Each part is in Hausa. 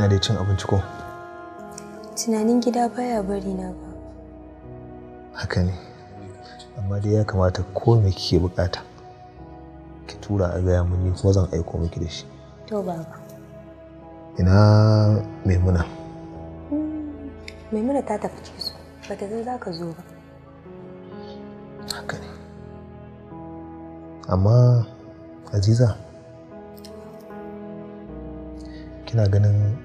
kina da cin abinci ko? Tunanin gida baya bari na ba. Haka ne, amma dai ya kamata ko me kike bukata. Ki tura a gaya mun ni kuma zan aiko miki da shi. To baba. Ina Maimuna. Hmm, Maimuna ta tafi ciki so, ta zan za ka zo ba. Haka ne. Amma Aziza, kina ganin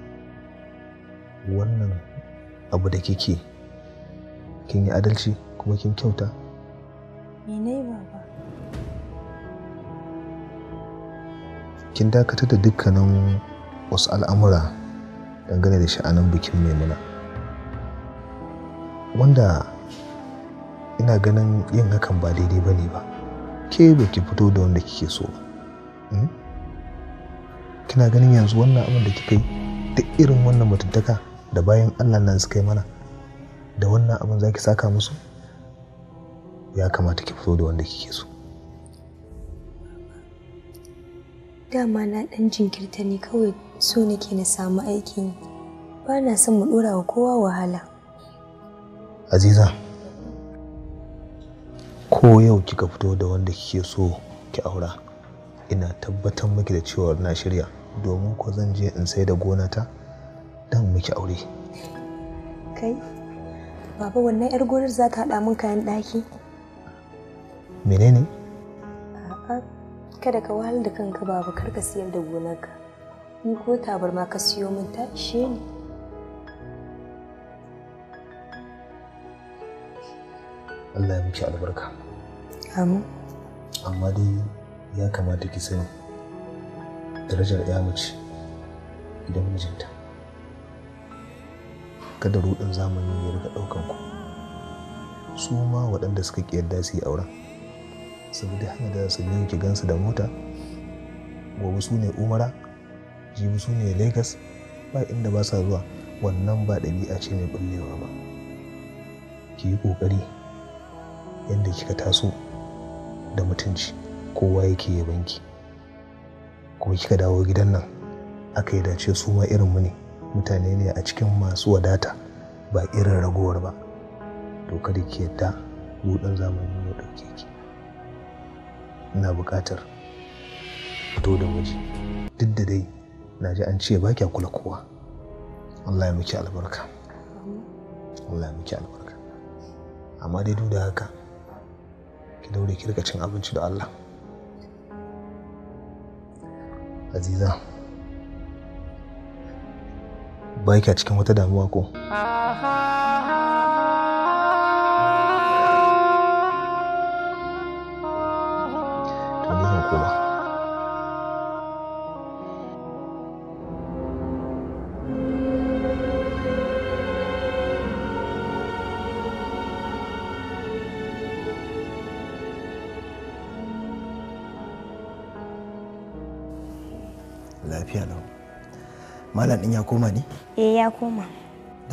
wannan abu da kike kin yi adalci kuma kin kyauta mene baba kin dakatar da dukkanin wasu al'amura dangane da sha'anin bikin maimuna wanda ina ganin yin hakan ba daidai ba ne ba ke baki fito da wanda kike so ba hmm? kina ganin yanzu wannan abin da kika yi duk irin wannan mutuntaka da bayan allah nan suka yi mana da wannan abin za ki saka musu ya kamata ki fito da wanda kike so dama na dan jinkirta ne kawai so nake na samu aiki ba na son mu dora wa kowa wahala aziza ko yau kika fito da wanda kike so ki aura ina tabbatar miki da cewa na shirya domin ko zan je in sai da gonata dan miki aure kai baba wannan yar gonar za ta haɗa mun kayan ɗaki menene a'a kada ka wahal da kanka baba kar ka siyar da gonarka ni ko tabarma ka siyo min ta ishe ni Allah ya miki albarka amin amma dai ya kamata ki sani darajar ya mace idan mijinta kada ruɗin zamani ya rika daukan ku su ma waɗanda suka ki yadda su yi auren saboda hanyar da su biyo ki gansu da mota gobe su ne umara jibi su ne lagos ba inda ba sa zuwa wannan ba ɗabi'a ce mai bullewa ba ki yi ƙoƙari yadda kika taso da mutunci kowa yake yabanki kuma kika dawo gidan nan aka yi dace su ma irin mu ne mutane ne a cikin masu wadata ba irin ragowar ba to kada ki yadda buɗin zamani ya ɗauke ki ina buƙatar fito da waje duk da dai na ji an ce ba kya kula kowa Allah ya miki albarka Allah ya miki albarka amma dai duk da haka ki daure ki rika cin abinci da Allah Aziza. ba yake cikin wata damuwa ko to ni zan koma malam din ya koma ne eh ya koma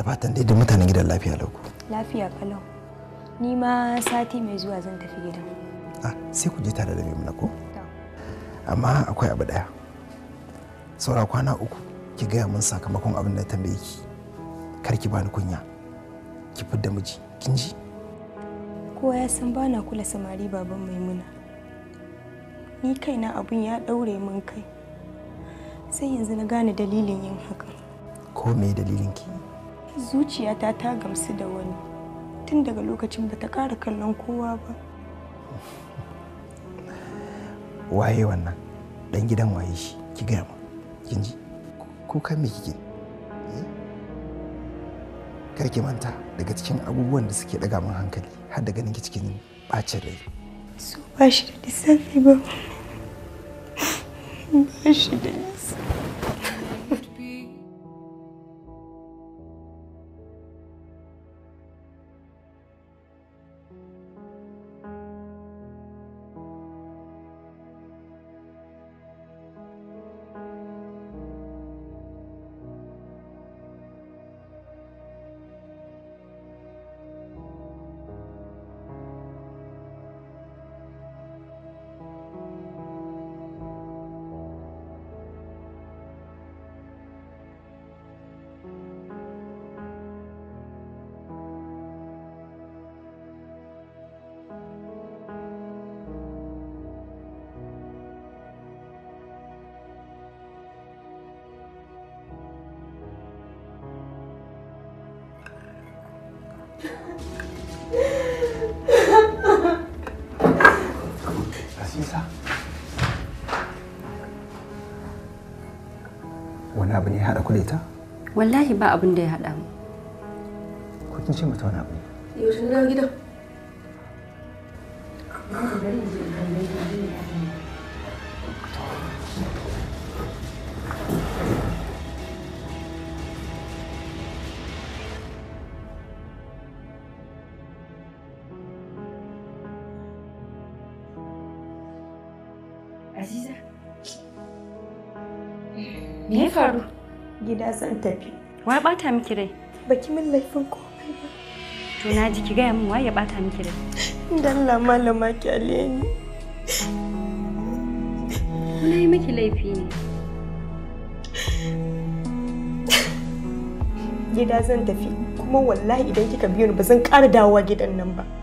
da fatan dai duk mutanen gidan lafiya lau lafiya kalau ni ma sati mai zuwa zan tafi gidan ah sai ku je tare da Maimuna ko amma akwai abu daya saura kwana uku ki gaya min sakamakon abin da tambaye ki kar ki bani kunya ki fidda miji kin ji kowa ya san bana kula samari baban maimuna ni kaina abun ya daure min kai sai yanzu na gane dalilin yin hakan ko me dalilin ki zuciyata ta gamsu da wani tun daga lokacin ba ta ƙara kallon kowa ba waye wannan dan gidan waye shi ki gaya mu kin ji ko kan me kike eh? kar ki manta daga cikin abubuwan da suke daga min hankali har da ganin ki cikin ɓacin rai su ba shi da lissafi ba ba shi da Aziza. Wani abu ne ya haɗa ku da ita? Wallahi ba abin da ya hada. mu. Ko kin ce mata wani abu ne? Yaushe na gidan. gida zan tafi. Wa bata miki rai? Baki min laifin komai ba. To na ji ki gaya min wa ya bata miki rai. la malama kyale ni. Kuna yi miki laifi ne. Gida zan tafi kuma wallahi idan kika biyo ni ba zan ƙara dawowa gidan nan ba.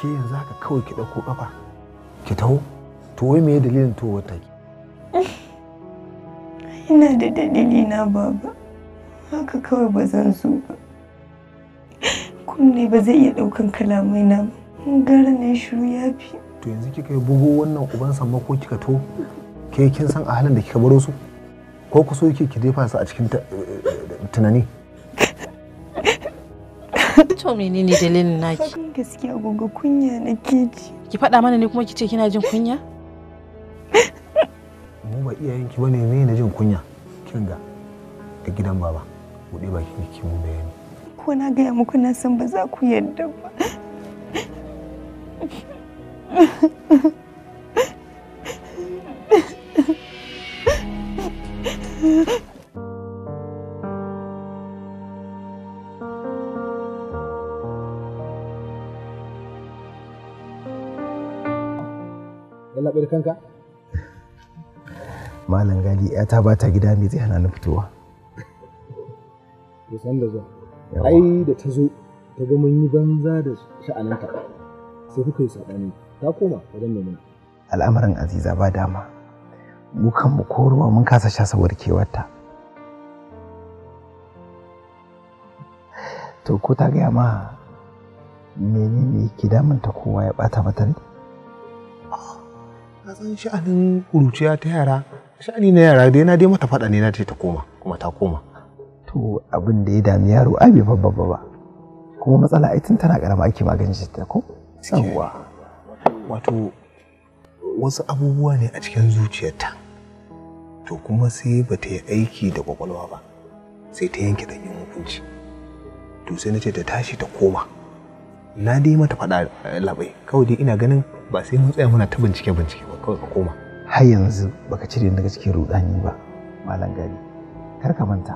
ke yanzu haka kawai ki ɗauko ƙafa ki taho to wai me dalilin to wata ki ina da dalili na baba haka kawai ba zan so ba kunne ba zai iya ɗaukan kalamai na ba gara ne shiru ya fi to yanzu kika yi bugo wannan uban ko kika to ke kin san a halin da kika baro su ko ku so ki jefa su a cikin eh, eh, tunani to menene dalilin naki gaskiya gogo kunya nake ji ki faɗa mana ne kuma kice kina jin kunya mu ba iyayen ki bane me ne jin kunya kin ga a gidan baba bude baki ki mu bayani ko na gaya muku na san ba za ku yadda ba kanka malam gali ta ba ta gida mai zai hana ni fitowa san da zuwa ai da ta zo ta ga mun yi banza da sha'ananta sai kuka yi saɓani ta koma wajen nemi. al'amarin aziza ba dama mu kanmu ko mun kasa sha sabuwar kewarta to ko ta gaya ma menene yake damunta kowa ya ɓata mata ne ka san sha'anin kuruciya ta yara sha'ani na yara dai na dai mata faɗa ne na ce ta koma kuma ta koma to abin da ya dami yaro ai bai babba ba kuma matsala ai tun tana karama ake magance ta ko yawwa wato wasu abubuwa ne a cikin zuciyarta to kuma sai ba ta yi aiki da kwakwalwa ba sai ta yanke ɗanyen hukunci to sai na ce ta tashi ta koma na dai mata faɗa eh, labai kawai dai ina ganin ba sai mun tsaya muna ta bincike bincike ba kawai ka koma har yanzu baka cire daga cikin rudani ba malam gari kar ka manta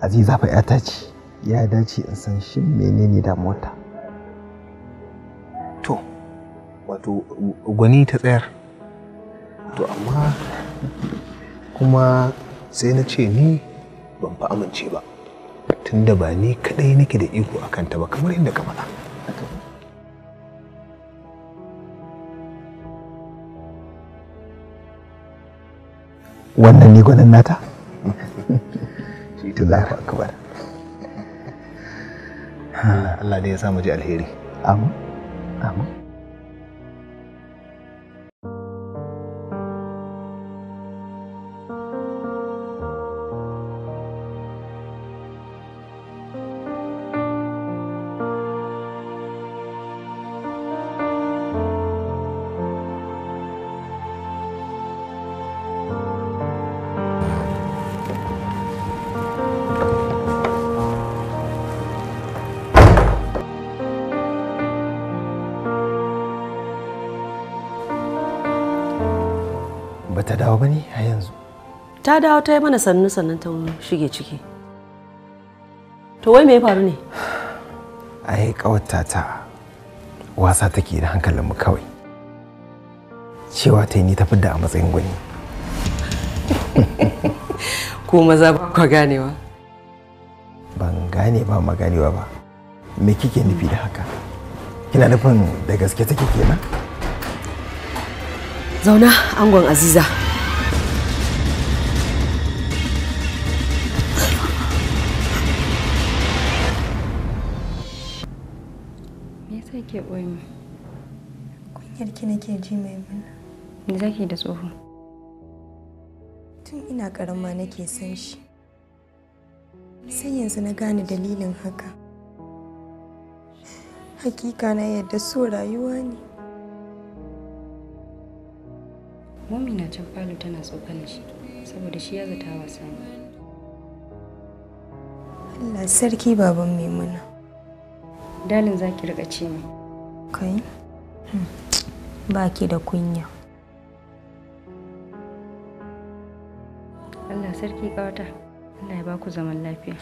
aziza fa yata ce ya dace in san shin menene da mota. to wato gwani ta tsayar to amma kuma sai na ce ni ban fa amince ba tunda ba ni kadai nake da iko akan ta ba kamar yadda ka faɗa wannan ne gwanin nata Allahu akbar Allah ne ya samu ji alheri amin amin dawo ba ne a yanzu ta dawo ta yi mana sannu sannan ta shige ciki to wai me ya faru ne ai kawata ta wasa take da hankalinmu kawai cewa ta yi ni tafi da a matsayin gwani ko maza ba kwa ganewa ban gane ba ma ganewa ba me kike nufi da haka kina nufin da gaske take kenan zauna angon aziza koyi kunyar ki nake ji mai muna me zaki da tsoho tun ina karama nake san shi sai yanzu na gane dalilin haka hakika na yadda so rayuwa ne na can falo tana tsokan shi saboda shi ya zata wasa ne Allah sarki baban maimuna. Dalin za ki riƙa ce mai. Kai? Hmm. Ba ki da kunya. Allah sarki ƙawata. Allah ya ba ku zaman lafiya.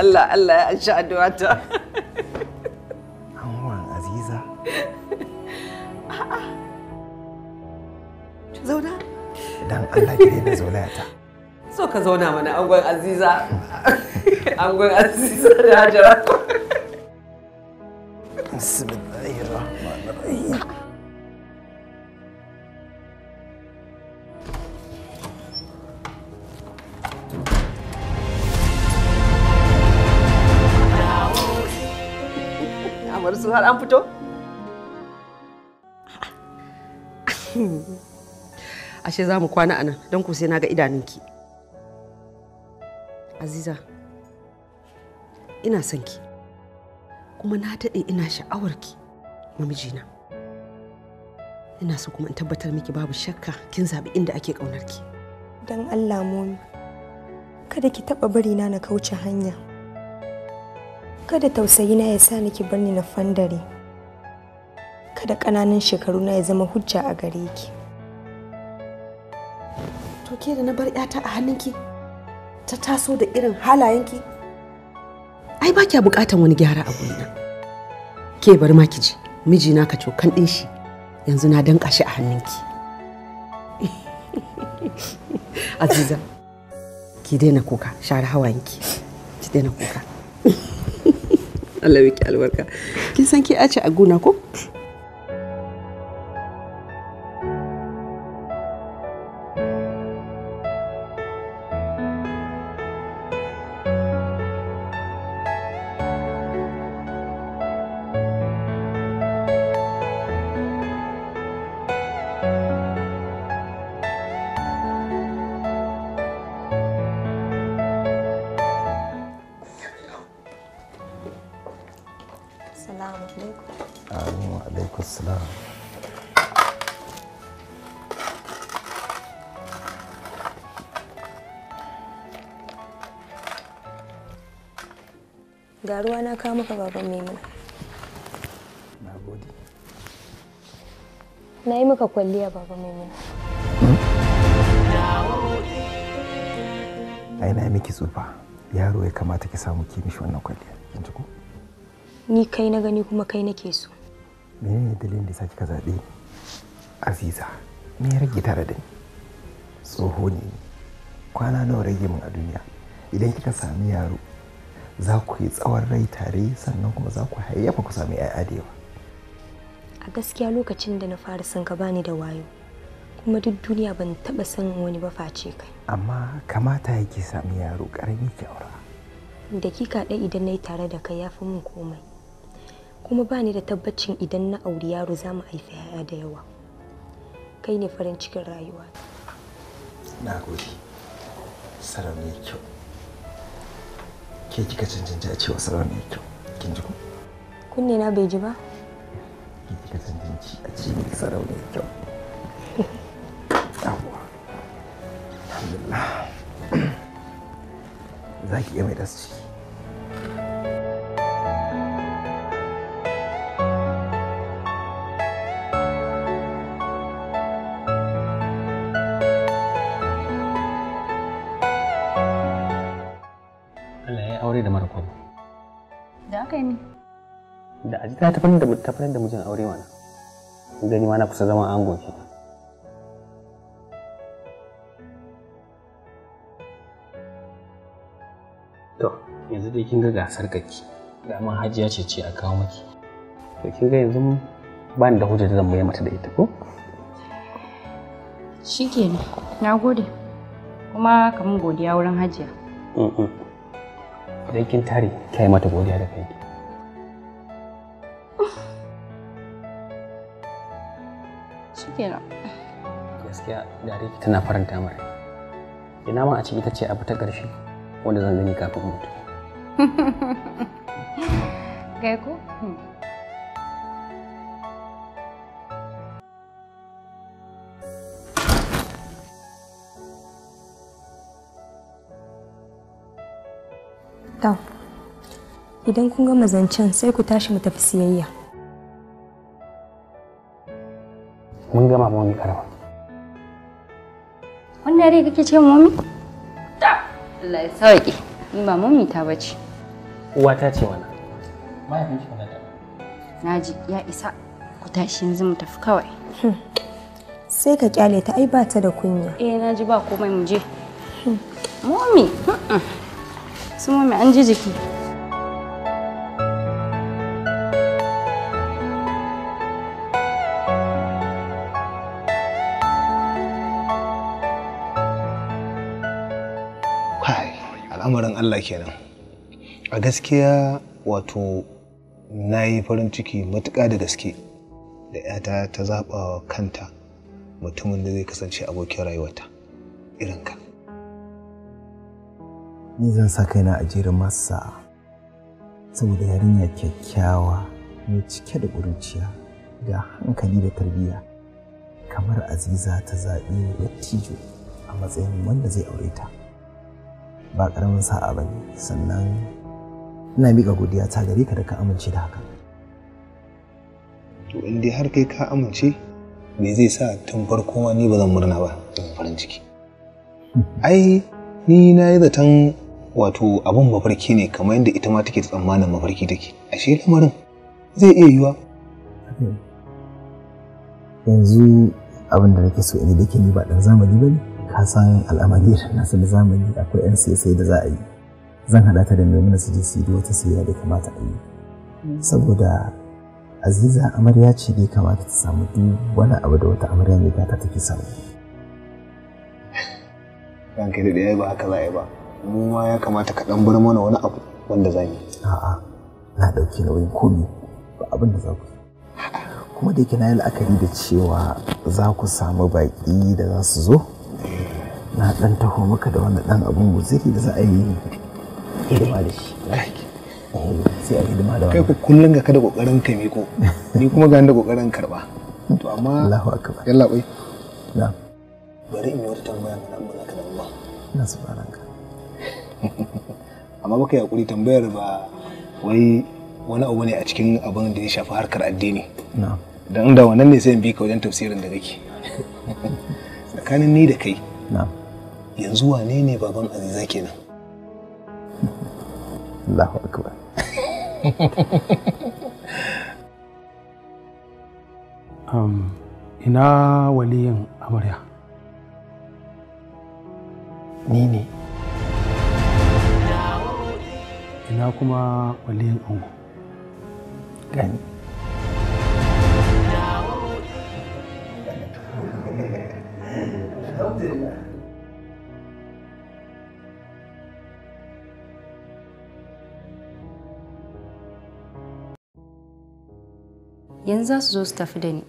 Allah Allah ya sha addu'a ta. Anwan Aziza. Zauna. Dan Allah ki daina zaulayata. so ka zauna mana angon aziza angon aziza da hajara har an fito? ashe za mu kwana a nan don ku sai na ga idanunki. Aziza, ina son ki, kuma na daɗe ina sha'awar ki mamijina. Ina so kuma in tabbatar miki babu shakka kin zaɓi inda ake ƙaunar ki. Don Allah momi, kada ki taɓa bari na na kauce hanya. Kada tausayi na ya sa ni ki bar na fandare. Kada ƙananan shekaru na ya zama hujja a gare ki. To ke da na bar 'yata a hannunki? ki? ta taso da irin halayenki ai ba kya bukatan wani gyara a gurina ke bar ma kiji, ji mijina ka cokan din shi yanzu na danka shi a hannunki aziza ki daina kuka share hawayenki ki daina kuka Allah ya ki albarka kin san ki ce a gona ko maka baban maimuna na gode na yi maka kwalliya baban maimuna hmm? ai na miki tsufa yaro ya kamata ki samu ki mishi wannan kwalliya kin ji ko ni kai na gani kuma kai nake so menene dalilin da yasa kika zaɓe ni aziza me ya rage tare da ni tsoho ne kwana nawa rage min a duniya idan kika sami yaro za ku yi tsawon rai tare sannan kuma za ku hayyafa ku sami 'ya'ya da yawa a gaskiya lokacin da na fara san ka bani da wayo kuma duk duniya ban taba san wani ba face kai amma kamata yake sami yaro karami kyaura aura dakika ɗaya idan na yi tare da kai ya fi min komai kuma bani da tabbacin idan na auri yaro za mu haifi 'ya'ya da yawa kai ne farin cikin rayuwa na gode sarauniyar kyau ke kika cancanci a cewa salon ne kyau kin ji ko kunne na bai ji ba ke kika cancanci a ce miki ne kyau yawwa alhamdulillah za ki iya mai da su ta tafi da tafi da mijin aure mana gani ma na kusa zama ango ke to yanzu dai kin ga gasar kake daman hajiya ce ce a kawo maki to kin ga yanzu ba ni da hujja da zan mai mata da ita ko shikenan nagode kuma kamun godiya wurin hajiya idan kin tare kai mata godiya da kai kenan gaskiya dare tana faranta mara ina ma a ce ita ce abu ta ƙarfi wanda zan gani kafin mutu ko hmm. Tau, idan kun gama zancen sai ku tashi mu tafi siyayya. mun gama momi karama wannan yare kake ce momi ta Allah ya sauki ni ba momi ta bace uwa ta ce wannan mahaifinki wannan naji ya isa ku tashi yanzu mu tafi kawai hmm. sai ka kyale ta ai ba ta da kunya eh naji ba komai mu je hmm. momi su momi an ji jiki Allah kenan a gaskiya wato na yi farin ciki matuƙa da gaske da 'yata ta zaɓa kanta mutumin da zai kasance abokin rayuwarta irin ka ni zan sa kaina a jirin masa saboda yarinya kyakkyawa mai cike da ƙuruciya da hankali da tarbiyya kamar aziza ta zaɓi tijo a matsayin wanda zai aure ta ba karamin sa'a bane, sannan ina miƙa godiya ta gare ka da ka amince da haka to in dai har kai ka amince me zai sa tun farko ma ni ba zan murna ba zan farin ciki ai ni na yi zaton wato abun mafarki ne kamar yadda ita ma take tsammanin mafarki take ashe lamarin zai iya yiwa yanzu abin da nake so in yi da ni ba dan zamani ba ne ka san al'amari na su zamani akwai yan siyasai da za a yi zan haɗa ta da maimuna su je su yi wata siya da kamata a yi saboda aziza amarya ce da ya kamata ta samu duk wani abu da wata amarya mai gata take samu kai da ɗaya ba haka za a yi ba mu ma ya kamata ka ɗan bar mana wani abu wanda za yi. a'a na ɗauki nauyin komi ba abin da za ku kuma da yake na yi la'akari da cewa za ku samu baƙi da za su zo na dan taho maka da wani dan abun guziri da za a yi hidima da shi sai a hidima da kai kullum ga kada kokarin ka ko ni kuma ga da kokarin karba to amma Allahu akbar yalla bai na bari in yi wata tambaya ga nan ba ka da ba na subhanaka amma baka yi hakuri tambayar ba wai wani abu ne a cikin abin da ya shafi harkar addini don da wannan ne sai in bi ka wajen tafsirin da kake tsakanin ni da kai na'am yanzu wane ne baban aziza kenan Allahu akbar um, ina waliyin amarya ni ne ina kuma waliyin ango gani Alhamdulillah yanzu za su zo su tafi da ni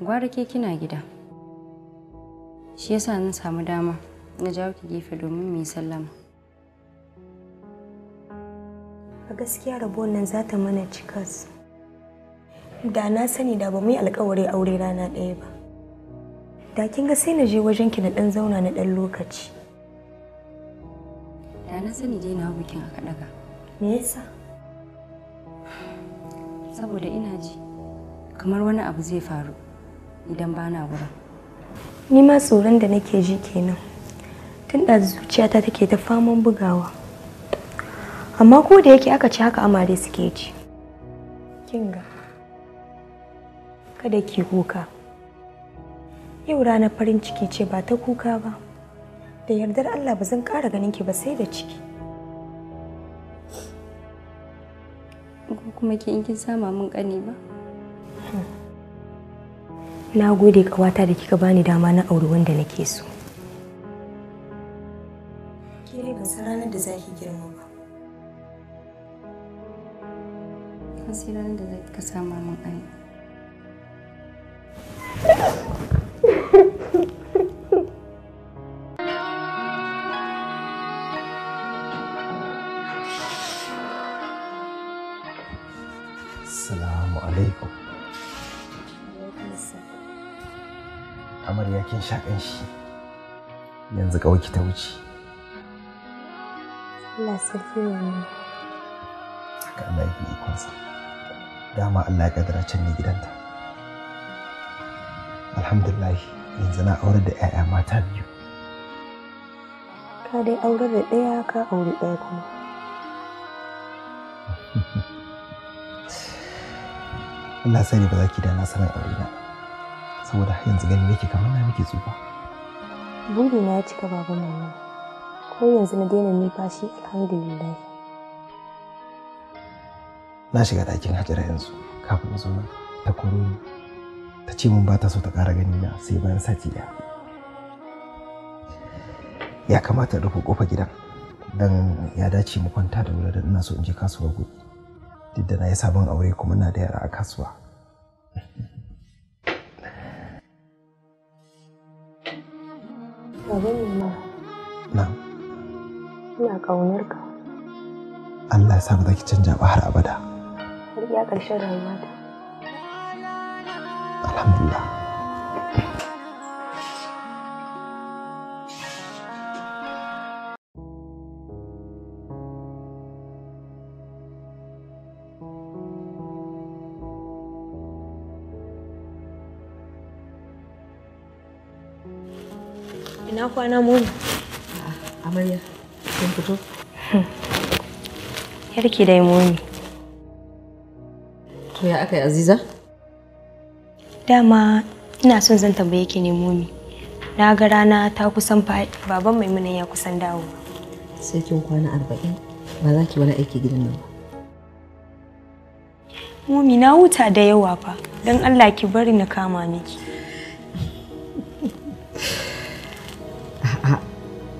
gwara ke kina gida shi yasa na samu dama na jawo ki gefe domin mu yi sallama a gaskiya rabon nan za ta mana cikas da na sani da ba mu yi alkawarin aure rana ɗaya ba da kin ga sai na je wajen ki na ɗan zauna na ɗan lokaci da na sani dai na bikin a kaɗaka me yasa saboda ina ji kamar wani abu zai faru idan bana wurin ni ma tsoron da nake ji kenan tun da zuciyata take ta faman bugawa amma ko da yake aka ci haka amare suke ji kinga kada ki kuka yau ranar farin ciki ce ba ta kuka ba da yardar allah ba zan ƙara ganin ki ba sai da ciki kuma ki in kin sama min kani ba hmm. na gode kawata da kika bani dama na auri wanda nake so ke dai san ranar da zaki girma ba kan sai ranar da zaki ka sama min kani ya kin sha shi yanzu kawai ta wuce Allah sarki ne haka Allah ya yi ikonsa dama Allah ya kadara can ne gidanta alhamdulillah yanzu na aure da 'ya'ya mata biyu ka dai aure da ɗaya ka aure ɗaya kuma Allah sani ba za ki da na sanin aure na saboda yanzu gani nake kamar na miki tsufa buri na ya cika babu mama ko yanzu na daina numfashi alhamdulillah na shiga ɗakin hajara yanzu kafin na zo nan ta koro ni ta ce mun ba ta so ta ƙara gani na sai bayan sati ɗaya ya kamata rufe kofa gidan dan ya dace mu kwanta da wuri ina so in je kasuwa gobe duk da na yi sabon aure kuma na da yara a kasuwa Na. Ina ƙaunar ka. Allah ya sa ba za ki canja ba har abada. Har iya ƙarshen rayuwata. Alhamdulillah. na muni. Amarya, kin fito? Yarki dai muni. To ya aka yi Aziza? Dama ina son zan tambaye ki ne muni. Na ga rana ta kusan fa'i, baban Maimuna ya kusan dawo. Sai kin kwana arba'in, ba za ki wani aiki gidan nan ba. Mumi na huta da yawa fa, don Allah ki bari na kama miki.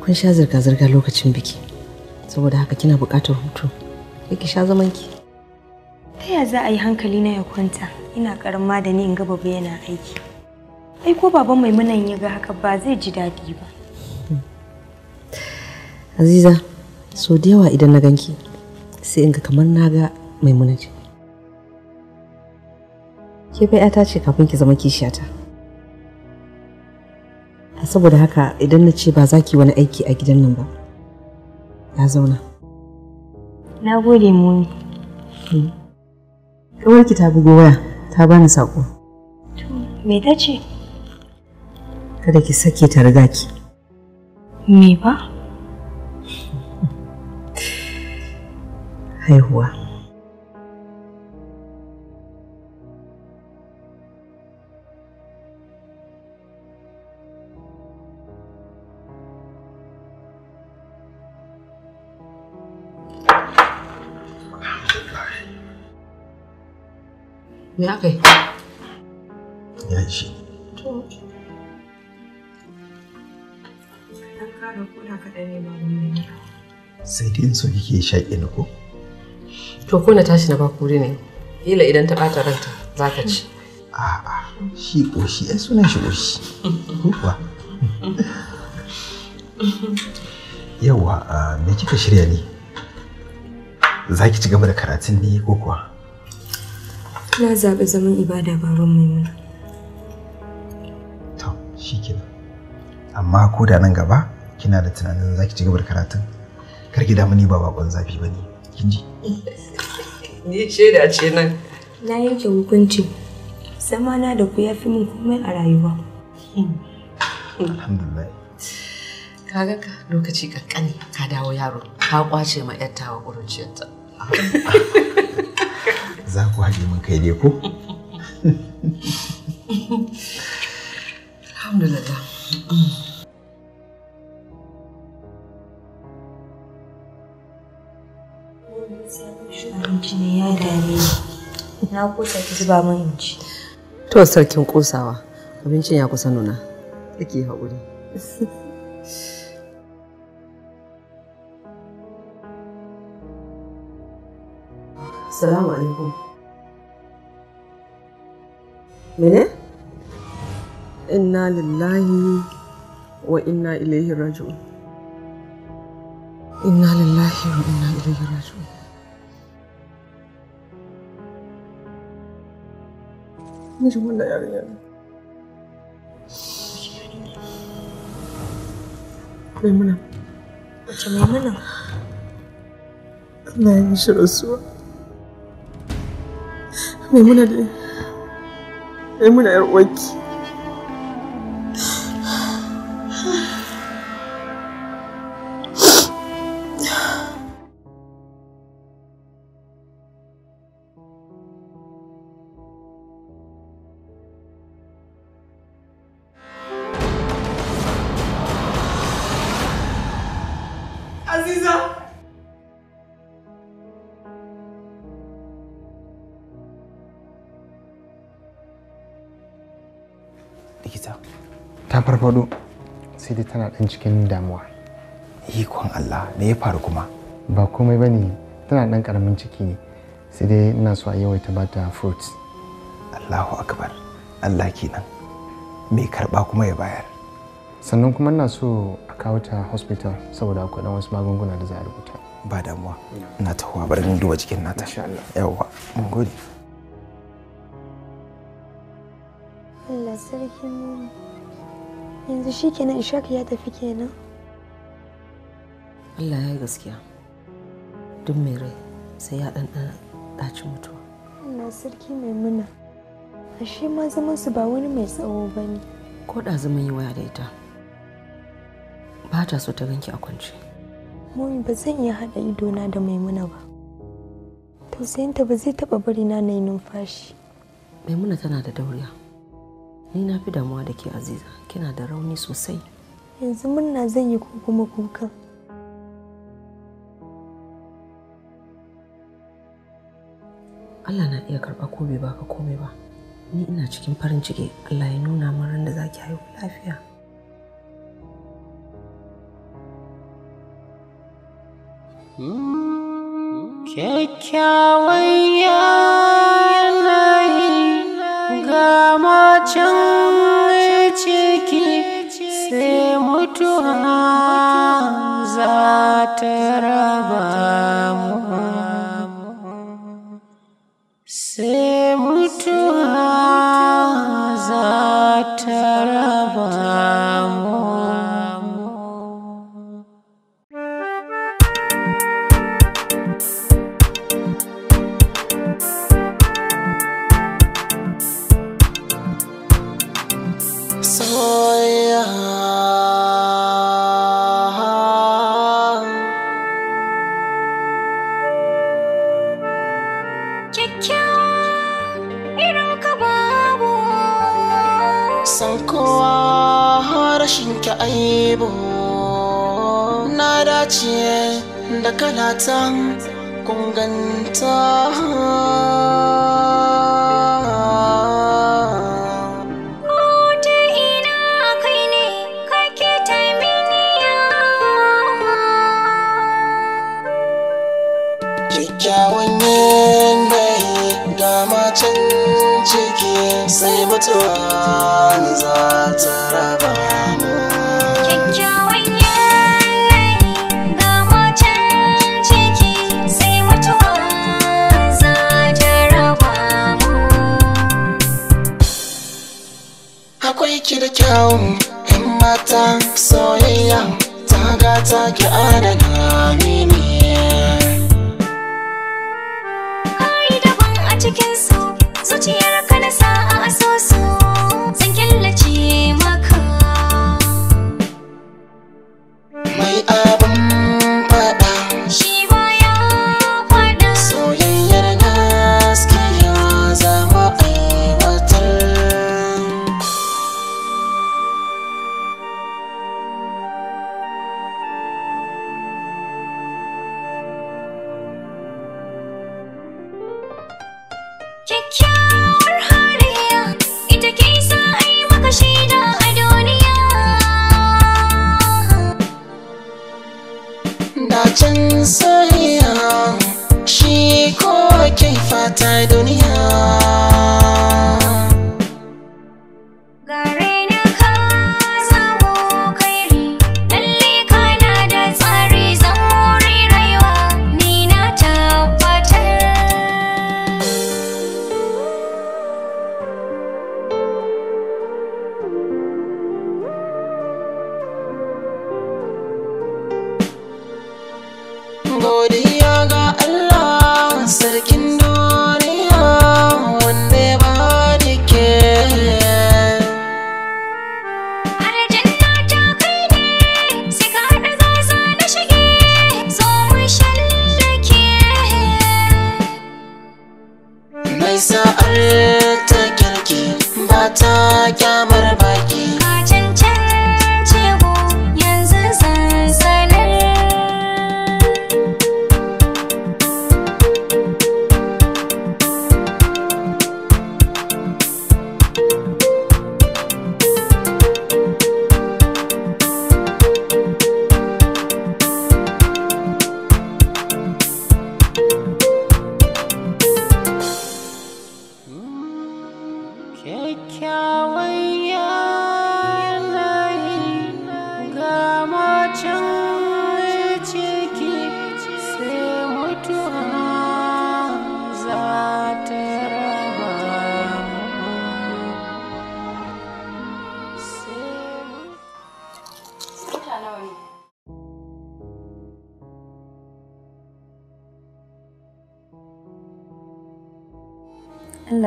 kun sha zirga-zirga lokacin biki saboda haka kina buƙatar hutu ki sha zaman ki ta ya za a yi hankali na ya kwanta ina karama da ni in ga babu yana aiki ai ko baban maimunan ya ga haka ba zai ji daɗi ba aziza so da yawa idan na ganki sai in ga kamar na ga maimuna ce ke bai ta ce kafin ki zama kishiyata saboda haka idan na ce ba za ki wani aiki a gidan nan ba ya zauna na gode muni hmm. ƙawarki ta bugo waya ta bani saƙo me ta ce kada ki sake ta riga ki me ba haihuwa Me haka yi? Ya yi shi. To. Dan kara kuna kaɗan ne ba gwamnati. Sai dai in so kike sha ni ko? To ko na tashi na ba kuri ne. Ila idan ta ɓata ranta za ka ci. A'a shi ƙoshi ai sunan shi ƙoshi. Kuwa. Yawa ah, me kika shirya ne? Za ki ci gaba da karatun ne ko kuwa? na zaɓi zaman ibada baban maimuna to shi kenan amma ko da nan gaba kina da tunanin za ki ci gaba da karatun kar ki damu ni ba bakon zafi ba ne kin ji ni ce da ce nan na yanke hukunci zamana da ku ya fi min komai a rayuwa alhamdulillah kaga ka lokaci kankani ka dawo yaro ka kwace ma yar tawa kuruciyarta za ku haɗe min kai dai ko? Alhamdulillah. Abinci ne ya dame Na kusa ki zuba min in ci. To sarkin kusawa. Abincin ya kusa nuna. Take haƙuri. السلام عليكم من إنا لله وإنا إليه راجعون إنا لله وإنا إليه راجعون مجهولة يا ريال ميمونة ميمونة الله يعيش الأسوأ Maimuna da Maimuna eh, yar uwarki. farfado sai dai tana ɗan cikin damuwa ikon Allah me ya faru kuma ba komai bane tana ɗan ƙaramin ciki ne sai dai ina so a yawaita ba ta fruits Allahu akbar Allah kenan mai karɓa kuma ya bayar sannan kuma ina so a kawo ta hospital saboda akwai ɗan wasu magunguna da za a rubuta ba damuwa ina huwa bari in duba cikin nata yawwa mun gode yanzu shi kenan ishaq ya tafi kenan allah ya yi gaskiya duk mai rai sai ya dan daci mutuwa na sarki mai muna ashe ma zaman su ba wani mai tsawo ba ne ko da zaman yi waya da ita ba ta so ta ganki a kwance mami ba zan iya haɗa idona da maimuna ba tausayinta ba zai taɓa bari na na yi numfashi maimuna tana da dauriya ni na fi damuwa da ke aziza kina da rauni sosai yanzu murna zan yi ko kuma kuka Allah na iya karɓa ko ba ka komai ba ni ina cikin farin ciki Allah ya nuna min ran da zaki haihu lafiya kyakkyawan yaro can ciki sai mutuwa za ta raba ce da kalatan kunganta Kyakkyawan yanayi ga macen ciki sai mutuwa za ta raba. ki da kyau yan mata soyayya ta gata ki adana mina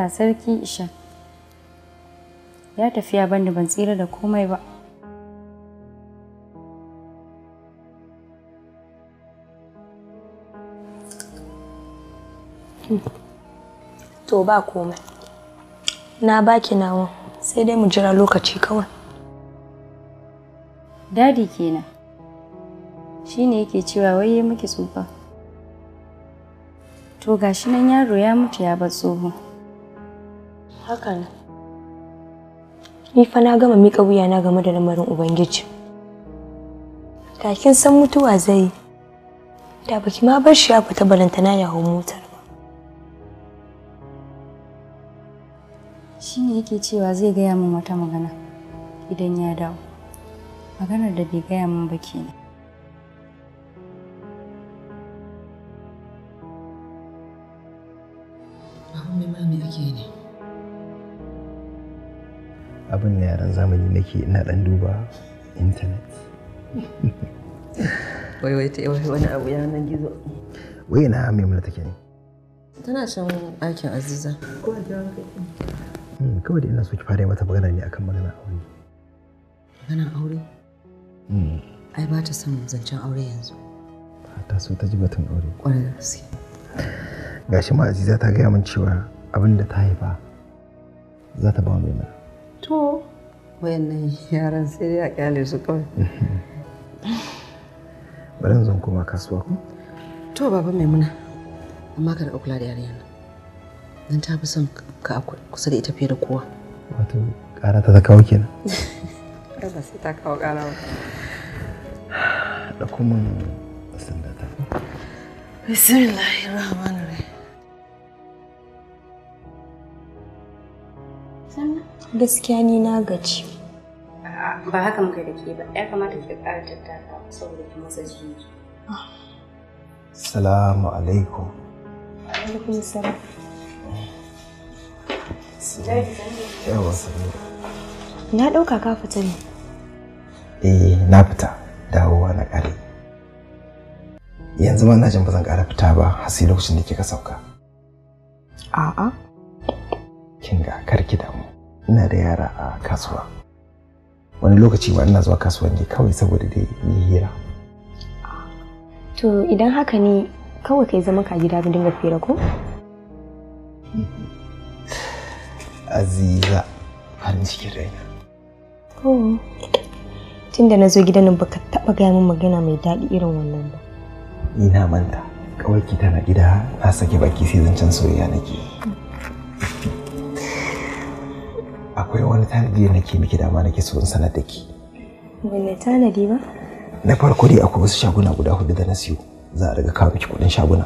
Allah sarki isha ya tafiya banda ban tsira da komai ba to ba komai na baki nawa sai dai mu jira lokaci kawai dadi kenan shine yake cewa wai miki tsufa to gashi nan yaro ya mutu ya bar tsoho Haka Ni fa na gama miƙa wuya na game da lamarin Ubangiji. Da kin san mutuwa zai yi. Da baki ma bar shi ya fita balantana ya hau motar ba. Shi yake cewa zai gaya min wata magana idan ya dawo. Maganar da bai gaya min ba kenan. abin da yaran zamani nake ina dan duba intanet wai wai ta wai wani abu yanar gizo wai mai maimuna take ne tana shan aikin aziza hmm, kawai da ina so ki fara mata magana ne akan magana aure magana aure hmm. ai ba ta son zancen aure yanzu ta so ta ji batun aure ƙwarar gaske gashi ma aziza ta gaya min cewa abin da ta haifa za ta ba mai mana wayannan yaran sai dai a kyale su kawai bari zan koma kasuwa ku to baba maimuna amma ka da kula da yarinya nan ta fi son ka kusa da ita fiye da kowa wato ƙara ta kawo kenan Kada sai ta kawo ƙara ba da kuma sanda ta bismillahirrahmanirrahim gaskiya ni na gaji ba haka muka da ke ba ya kamata ki ƙara tattaka saboda ki masa jini salamu alaikum alaikum salam yawa sanu na ɗauka ka fita ne eh na fita dawowa na ƙare yanzu ma na jin ba zan ƙara fita ba har sai lokacin da kika sauka a'a kin ga kar ki damu ina da yara a kasuwa wani lokaci ma ina zuwa Kasuwa ne kawai saboda dai yi hira to idan haka ne kawai kai zama ka gida dinga fira ko aziza farin cikin raina oh tun na zo gidan nan baka taba gaya min magana mai daɗi irin wannan ba ina manta kawai ki tana gida na sake baki sai zancen soyayya nake akwai wani tanadi da nake miki dama nake so in sanar da ki wanne tanadi ba na farko dai akwai wasu shaguna guda hudu da na siyo za a riga kawo miki kudin shaguna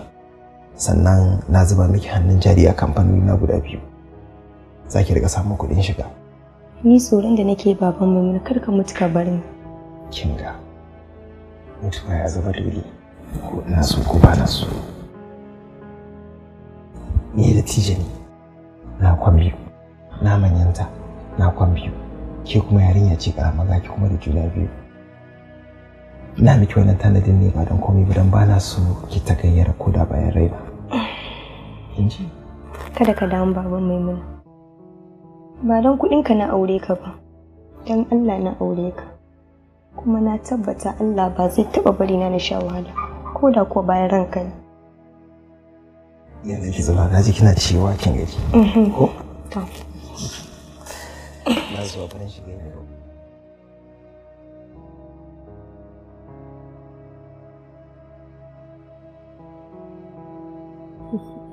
sannan na zuba miki hannun jari a kamfanoni na guda biyu za ki riga samun kudin shiga ni tsoron da nake baban mu kar ka mutu ka bar ni kinga mutuwa ya zama dole ko ina so ko ba na so ni da tijani na kwambi na manyanta na kwan biyu ke kuma yarinya ce karama za ki kuma da juna biyu na miki wannan tanadin ne ba don komai ba don ba na so ki ta gayyara ko da bayan ba inji kada ka damu baban maimuna ba don kuɗinka na aure ka ba don allah na aure ka kuma na tabbata allah ba zai taɓa bari na na sha wahala ko da kuwa bayan ranka ne yanzu ki zama na ji kina cewa kin gaji mhm. ko na shi ne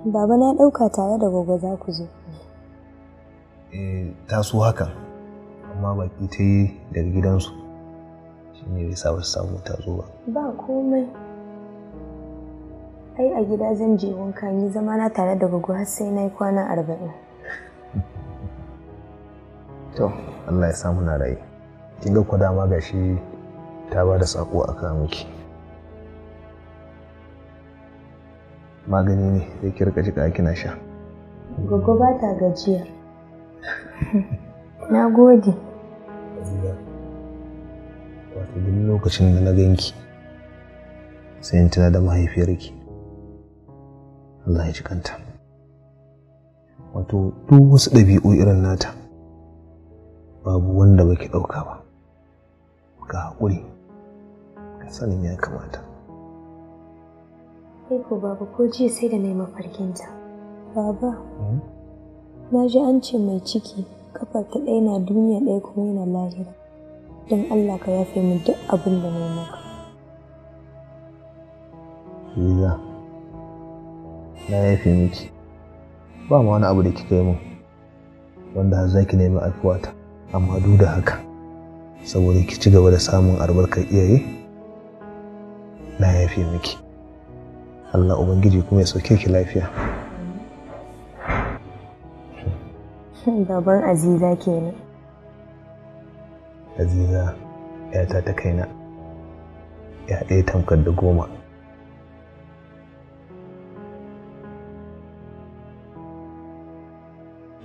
Baba na ɗauka tare da gogo za ku zo. Eh, ta so hakan, amma baki ta yi daga gidansu. Shi ne sa ba samu ta zo ba. Ba komai. Ai a gida zan je wanka ni zama na tare da gogo har sai na yi kwana arba'in. to Allah ya samu na rai kin ga ku dama shi ta ba da sako kan miki magani ne sai ki rika jika kina sha gogo ba ta gajiya na gode wato duk lokacin da na ganki sai in tuna da mahaifiyarki Allah ya ji kanta wato duk wasu ɗabi'u irin nata babu wanda baki ɗauka ba ka haƙuri ka sanin ya kamata kai ko baba ko jiya sai da na mafarkinta baba hmm? na ji an ce mai ciki kafar ta ɗaya na duniya ɗaya kuma yana lahira don allah ka yafe min duk abin da na maka Liza, na yafe miki ba ma wani abu da kika yi min wanda har zaki nemi afuwata amma duk da haka saboda ki ci gaba da samun albarkar iyaye na yafe miki Allah Ubangiji kuma ya sauke ki lafiya. Baban Aziza kenan. Aziza ‘yata ta kaina, ya ɗaya tamkar da goma.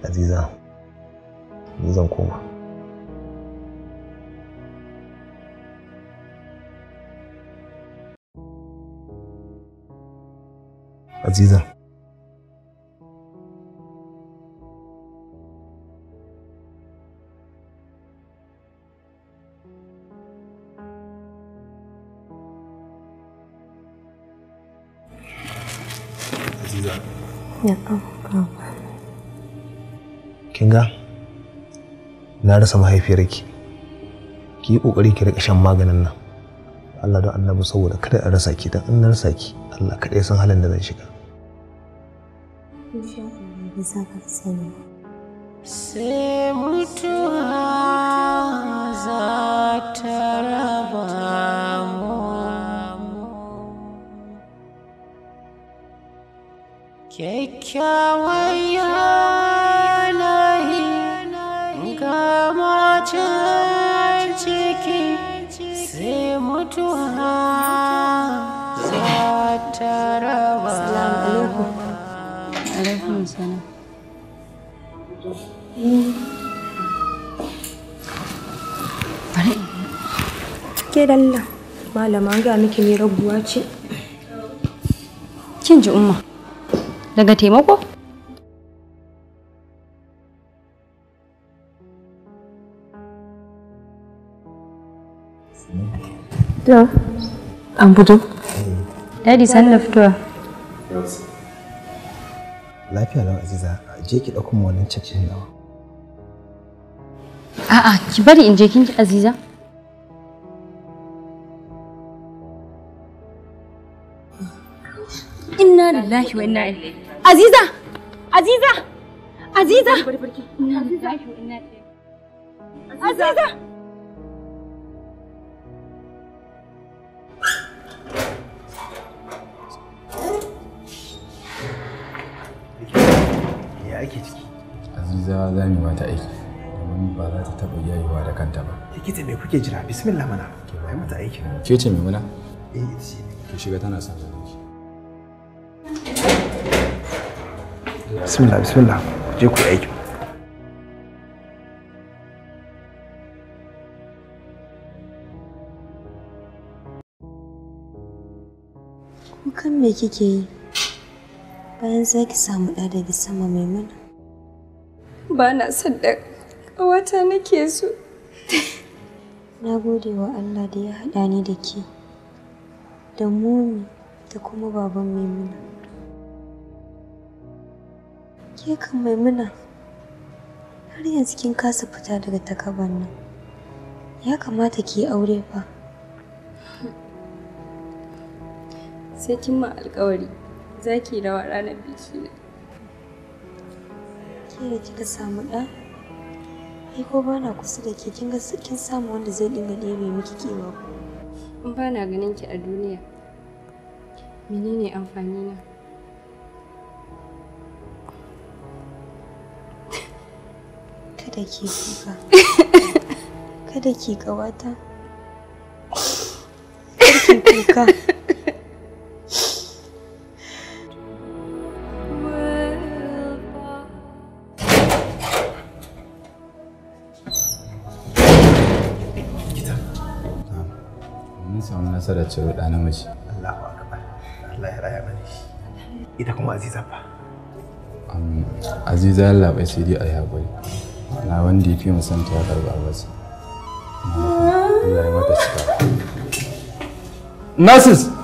Aziza, zan koma. aziza aziza oh, kin ga na rasa mahaifiyarki ki yi ƙoƙari ki riƙa shan maganin nan Allah don annabi saboda kada in rasa ki dan in rasa ki Allah kaɗai san halin da zan shiga sai mutuwa raba kyakkyawai alaikum salam bari ke dalla malama ga miki ne rabuwa ce kin ji umma daga taimako an fito? Eh. Daddy fitowa. lafiya lau aziza je ki ɗauko mu wannan cek nawa a'a ki bari in je kin ki aziza inna lillahi wa inna ilaihi aziza aziza aziza aziza aziza ake ciki aziza za mu mata aiki domin ba za ta taɓa yayewa da kanta ba likita me kuke jira bismillah mana ai mata aiki ke ce mai muna eh ce ki shiga tana son ki bismillah bismillah je ku aiki kukan me kike yi bayan za ki samu ɗa daga sama mai mana. Ba na son da ƙawata nake so. Na gode wa Allah da ya haɗa ni da ke, da momi da kuma baban maimuna. Ke kan maimuna, har yanzu kin kasa fita daga takaban nan. Ya kamata ki aure fa. Sai kin ma alƙawari. za ki rawa ranar biki ne. Ke da kika samu ɗa? Ai ko ba na kusa da ke kin ga kin samu wanda zai dinga ɗebe miki kewa ko? In ba na ganin ki a duniya. Menene amfani na? Kada ki kuka. Kada ki kawata. Kada ki kuka. nasarar ciro ɗa namiji Allahu akbar Allah ya raya mana shi ita kuma Aziza fa Aziza ya labai sai dai a yaƙuri na wanda ya fi musanta ya karɓa wasu Allah ya mata shi ba. Nurses!